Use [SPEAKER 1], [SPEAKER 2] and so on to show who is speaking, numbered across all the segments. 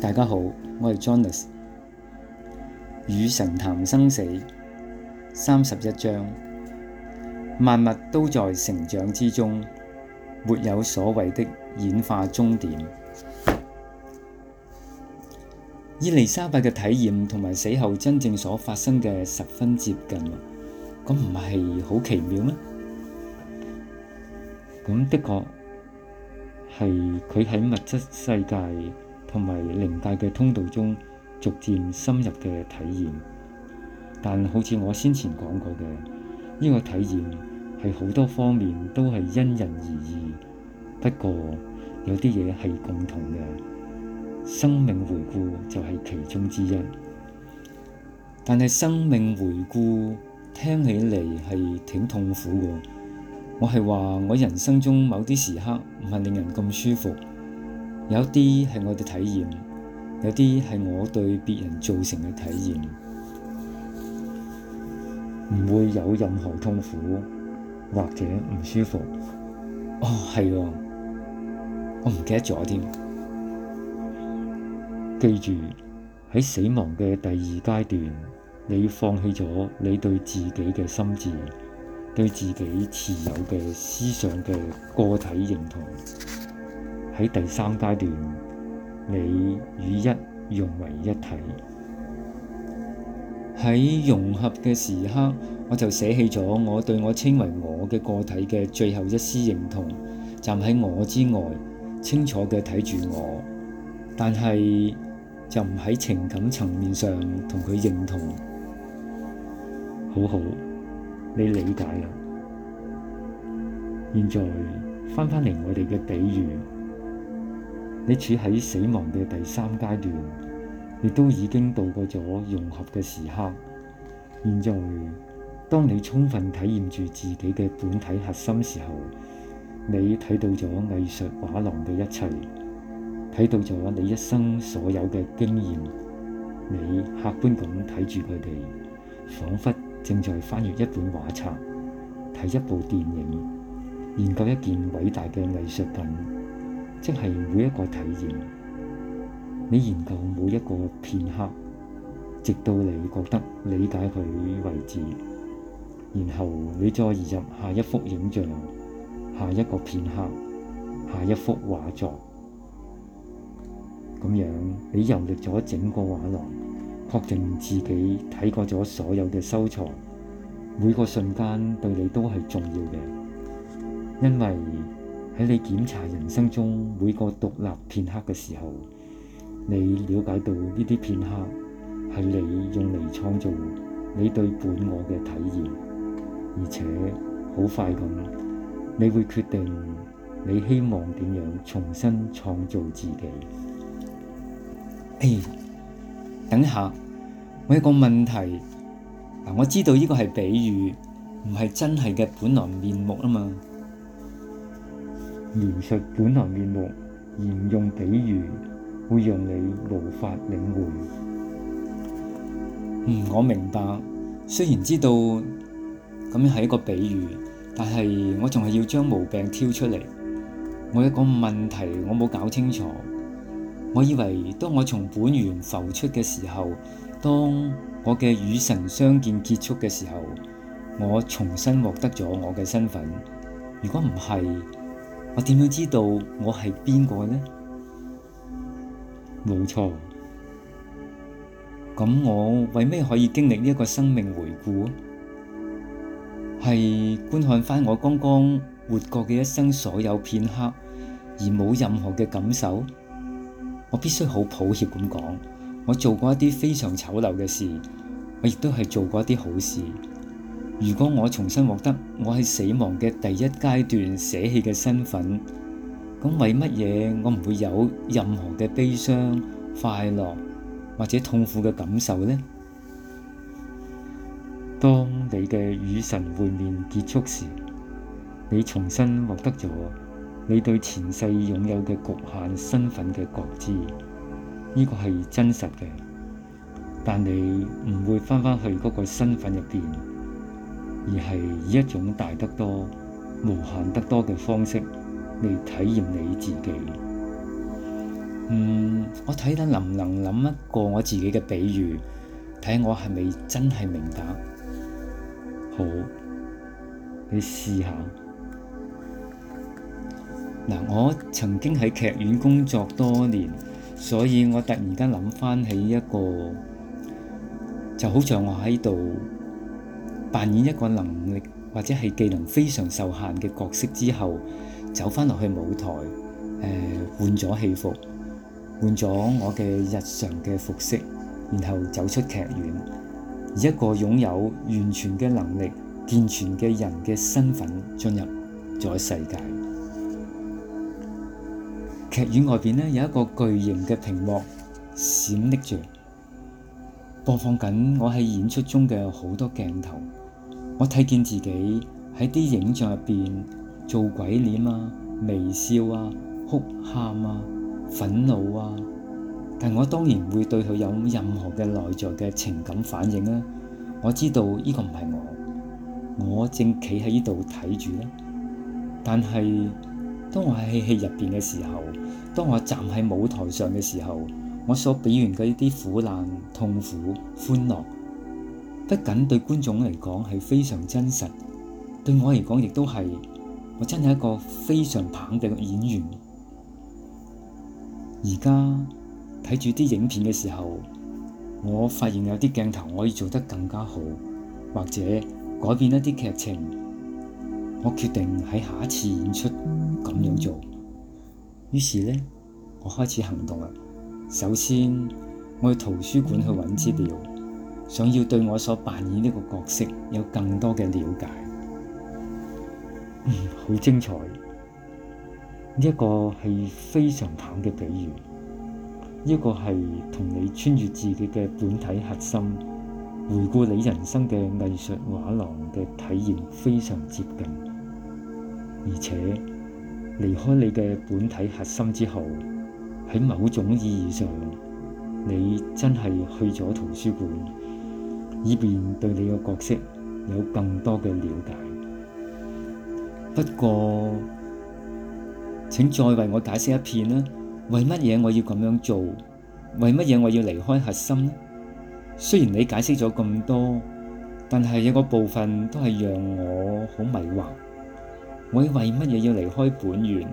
[SPEAKER 1] 大家好，我係 Jonas，與神談生死三十一章，萬物都在成長之中，沒有所謂的演化終點。伊麗莎白嘅體驗同埋死後真正所發生嘅十分接近，咁唔係好奇妙咩？咁的確係佢喺物質世界。同埋靈界嘅通道中，逐漸深入嘅體驗。但好似我先前講過嘅，
[SPEAKER 2] 呢個體
[SPEAKER 1] 驗係好多方面都係因人而異。不過，有啲嘢係共同嘅，生命回顧，就係其中之一。但係生命回顧，聽起嚟係挺痛苦嘅。我係話，我人生中某啲時刻唔係令人咁舒服。有啲係我嘅體驗，有啲係我對別人造成嘅體驗，唔會有任何痛苦或者唔舒服。哦，係喎，我唔記得咗添。記住，喺死亡嘅第二階段，你放棄咗你對自己嘅心智、對自己持有嘅思想嘅個體認同。喺第三階段，你與一融為一體。喺融合嘅時刻，我就捨棄咗我對我稱為我嘅個體嘅最後一絲認同，站喺我之外，清楚嘅睇住我，但係就唔喺情感層面上同佢認同。好好，你理解啦。現在翻返嚟我哋嘅比喻。你處喺死亡嘅第三階段，你都已經度過咗融合嘅時刻。現在，當你充分體驗住自己嘅本體核心時候，你睇到咗藝術畫廊嘅一切，睇到咗你一生所有嘅經驗，你客觀咁睇住佢哋，彷彿正在翻閱一本畫冊，睇一部電影，研究一件偉大嘅藝術品。即係每一個體驗，你研究每一個片刻，直到你覺得理解佢為止，然後你再移入下一幅影像、下一個片刻、下一幅畫作，咁樣你遊歷咗整個畫廊，確定自己睇過咗所有嘅收藏，每個瞬間對你都係重要嘅，因為，喺你檢查人生中每個獨立片刻嘅時候，你了解到呢啲片刻係你用嚟創造你對本我嘅體驗，而且好快咁，你會決定你希望點樣重新創造自己。誒、哎，等下，我有個問題，嗱，我知道呢個係比喻，唔係真係嘅本來面目啊嘛。言述本來面目，言用比喻，會讓你無法領會。嗯，我明白。雖然知道咁樣係一個比喻，但係我仲係要將毛病挑出嚟。我一個問題，我冇搞清楚。我以為當我從本源浮出嘅時候，當我嘅與神相見結束嘅時候，我重新獲得咗我嘅身份。如果唔係，我點樣知道我係邊個呢？冇錯，咁我為咩可以經歷呢一個生命回顧？係觀看返我剛剛活過嘅一生所有片刻，而冇任何嘅感受。我必須好抱歉咁講，我做過一啲非常醜陋嘅事，我亦都係做過一啲好事。如果我重新獲得我喺死亡嘅第一階段捨棄嘅身份，咁為乜嘢我唔會有任何嘅悲傷、快樂或者痛苦嘅感受呢？當你嘅與神會面結束時，你重新獲得咗你對前世擁有嘅局限身份嘅覺知，呢個係真實嘅，但你唔會翻返去嗰個身份入邊。而係以一種大得多、無限得多嘅方式嚟體驗你自己。嗯，我睇睇能唔能諗一個我自己嘅比喻，睇我係咪真係明白。好，你試下。嗱，我曾經喺劇院工作多年，所以我突然間諗翻起一個，就好似我喺度。扮演一個能力或者係技能非常受限嘅角色之後，走翻落去舞台，誒換咗戲服，換咗我嘅日常嘅服飾，然後走出劇院，以一個擁有完全嘅能力、健全嘅人嘅身份進入咗世界。劇院外面有一個巨型嘅屏幕閃爍住，播放緊我喺演出中嘅好多鏡頭。我睇見自己喺啲影像入邊做鬼臉啊、微笑啊、哭喊啊、憤怒啊，但我當然唔會對佢有任何嘅內在嘅情感反應啊！我知道呢個唔係我，我正企喺呢度睇住咧。但係當我喺戲入邊嘅時候，當我站喺舞台上嘅時候，我所俾完嘅呢啲苦難、痛苦、歡樂。不僅對觀眾嚟講係非常真實，對我嚟講亦都係，我真係一個非常棒嘅演員。而家睇住啲影片嘅時候，我發現有啲鏡頭可以做得更加好，或者改變一啲劇情。我決定喺下一次演出咁樣做，於是呢，我開始行動啦。首先我去圖書館去揾資料。想要對我所扮演呢個角色有更多嘅了解，嗯，好精彩。呢一個係非常棒嘅比喻。呢一個係同你穿越自己嘅本體核心，回顧你人生嘅藝術畫廊嘅體驗非常接近，而且離開你嘅本體核心之後，喺某種意義上，你真係去咗圖書館。以便對你個角色有更多嘅瞭解。不過，請再為我解釋一遍啦。為乜嘢我要咁樣做？為乜嘢我要離開核心呢？雖然你解釋咗咁多，但係有個部分都係讓我好迷惑。我為乜嘢要離開本源？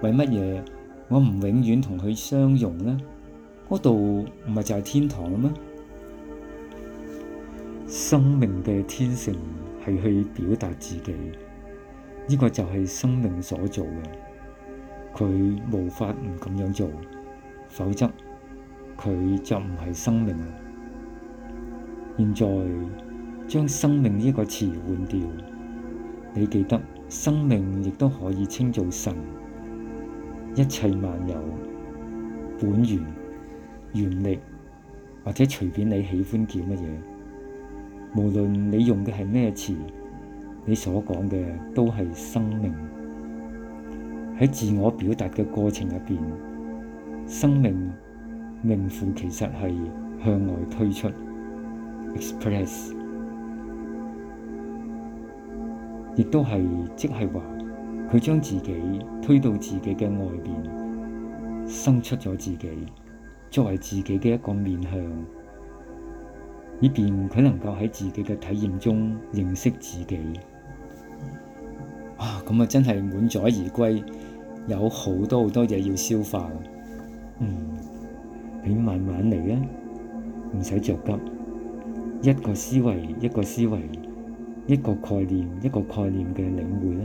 [SPEAKER 1] 為乜嘢我唔永遠同佢相融呢？嗰度唔係就係天堂啦咩？生命嘅天性係去表達自己，呢、這個就係生命所做嘅。佢無法唔咁樣做，否則佢就唔係生命啦。現在將生命呢個詞換掉，你記得生命亦都可以稱做神，一切萬有本源原力，或者隨便你喜歡叫乜嘢。無論你用嘅係咩詞，你所講嘅都係生命。喺自我表達嘅過程入邊，生命名副其實係向外推出，express，亦都係即係話佢將自己推到自己嘅外邊，生出咗自己，作為自己嘅一個面向，以便佢能夠喺自己嘅體驗中認識自己，啊，咁啊，真係滿載而歸，有好多好多嘢要消化嘅。嗯，你慢慢嚟啊，唔使着急。一個思維，一個思維，一個概念，一個概念嘅領會啦。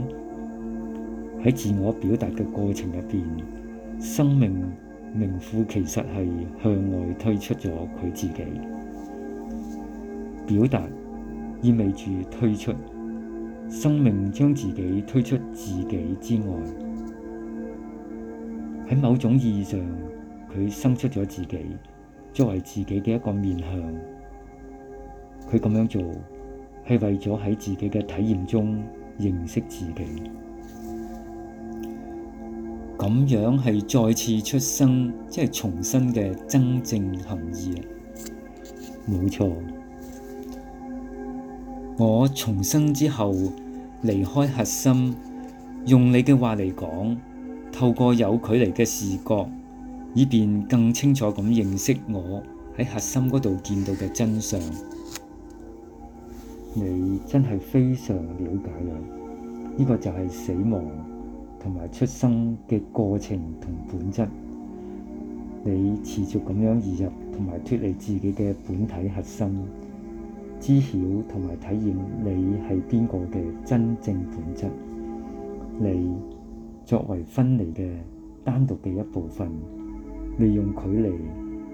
[SPEAKER 1] 喺自我表達嘅過程入邊，生命名副其實係向外推出咗佢自己。表達意味住推出生命，將自己推出自己之外，喺某種意義上，佢生出咗自己作為自己嘅一個面向。佢咁樣做係為咗喺自己嘅體驗中認識自己，咁樣係再次出生，即係重生嘅真正含義啊！冇錯。我重生之後離開核心，用你嘅話嚟講，透過有距離嘅視覺，以便更清楚咁認識我喺核心嗰度見到嘅真相。你真係非常了解啦，呢個就係死亡同埋出生嘅過程同本質。你持續咁樣移入同埋脫離自己嘅本體核心。知曉同埋體驗你係邊個嘅真正本質，你作為分離嘅單獨嘅一部分，利用距離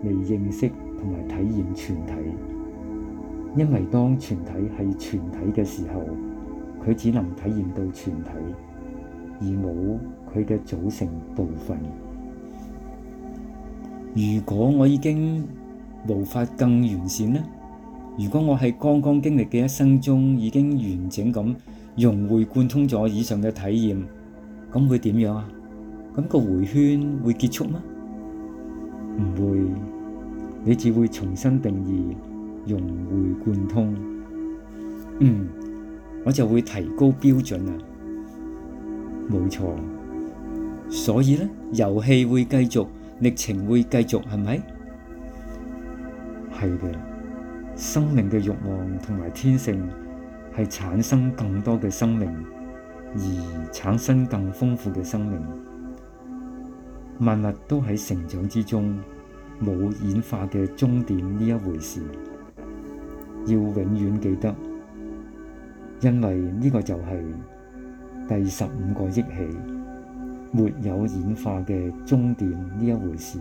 [SPEAKER 1] 嚟認識同埋體驗全體，因為當全體係全體嘅時候，佢只能體驗到全體，而冇佢嘅組成部分。如果我已經無法更完善呢？如果我喺剛剛經歷嘅一生中已經完整咁融會貫通咗以上嘅體驗，咁會點樣啊？咁個回圈會結束嗎？唔會，你只會重新定義融會貫通。嗯，我就會提高標準啦。冇錯，所以呢，遊戲會繼續，歷程會繼續，係咪？係嘅。生命嘅欲望同埋天性係產生更多嘅生命，而產生更豐富嘅生命。萬物都喺成長之中，冇演化嘅終點呢一回事。要永遠記得，因為呢個就係第十五個憶起，沒有演化嘅終點呢一回事。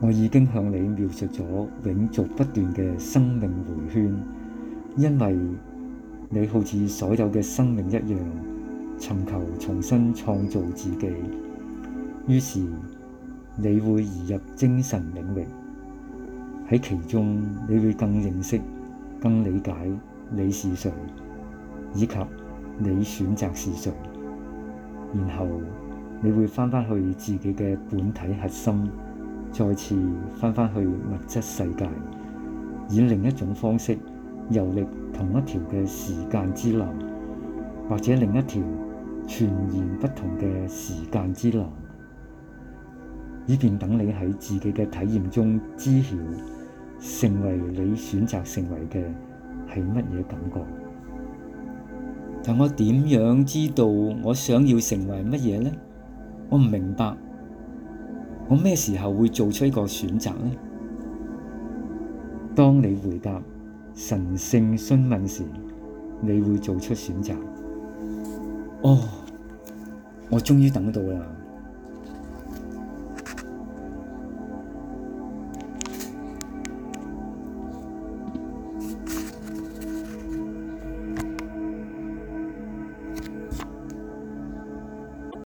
[SPEAKER 1] 我已經向你描述咗永續不斷嘅生命迴圈，因為你好似所有嘅生命一樣，尋求重新創造自己。於是你會移入精神領域，喺其中你會更認識、更理解你是誰，以及你選擇是誰。然後你會翻返去自己嘅本體核心。再次返返去物質世界，以另一種方式遊歷同一條嘅時間之流，或者另一條全然不同嘅時間之流，以便等你喺自己嘅體驗中知曉，成為你選擇成為嘅係乜嘢感覺。但我點樣知道我想要成為乜嘢呢？我唔明白。我咩時候會做出一個選擇呢？當你回答神聖詢問時，你會做出選擇。哦，我終於等到啦！